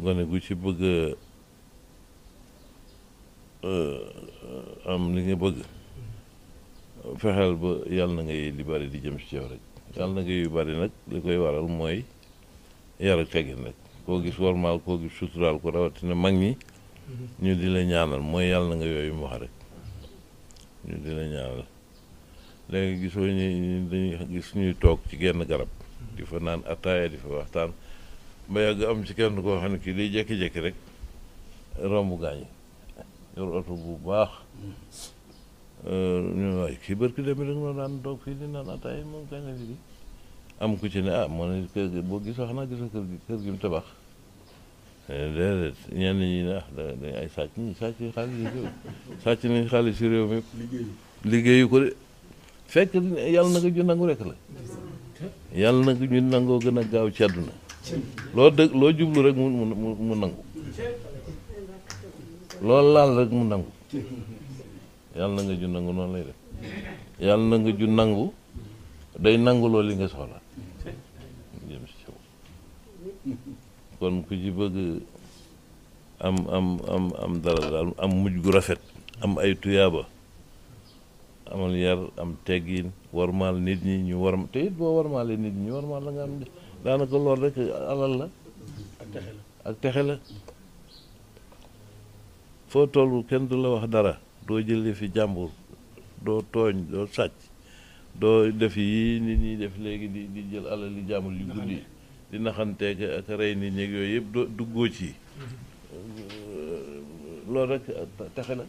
gone gu ci bëgg am li nga bëgg fexeel ba yàlla na ngay li bari di jëm ci yow rek yàlla na ngay yu bari nag li koy waral mooy yar ak teggin rek koo gis warmaal koo gis suturaal ko rawatina mag ñi mm-hmm. ñu di la ñaanal mooy yàlla na nga yooyu mu wax rek ñu di la ñaanal léegi gisoo ñu dañuy gis ñuy toog ci genn garab di fa naan ataaya di fa waxtaan ba yàgg am ci kenn koo xam ne kii day jékki-jékki rek romb gaañ yor oto bu baax ñu waaye kii barki dem rek noonu daan toog fii di naan ataay moom gaañ la fi ku ci ne ah moo ne kër gi boo gisoo xanaa gisoo kër gi eh, ñi ne ah xaalis yi réew sàcc nañ xaalis si réew mi liggéeyu ko de fekk yàlla na ko ñu nangu rek la yàlla na ko nangoo gën a gaaw ci àdduna loo dëgg loo jublu rek mu mu mu nangu loolu laal rek mu nangu yàlla na nga ju nangu noonu lay de yàlla na nga ju nangu day nangu loolu li nga soxla jëm kon ku ci bëgg am am am am dara daal am mujj gu rafet am ay tuyaaba amal yar am war warmaal nit ñi ñu war te it boo warmaalee nit ñi ñu warmaal la nga am de daanaka loolu rek alal la. ak texe la ak texe la foo toll kenn du la wax dara doo jëlee fi jàmbur doo tooñ doo sàcc doo def yi nit ñi def léegi di di jël alal li jàmbur yu guddi di naxanteeg ak rey nit ñeeg yooyu yëpp doo duggoo ci mm-hmm. loolu rek texe la.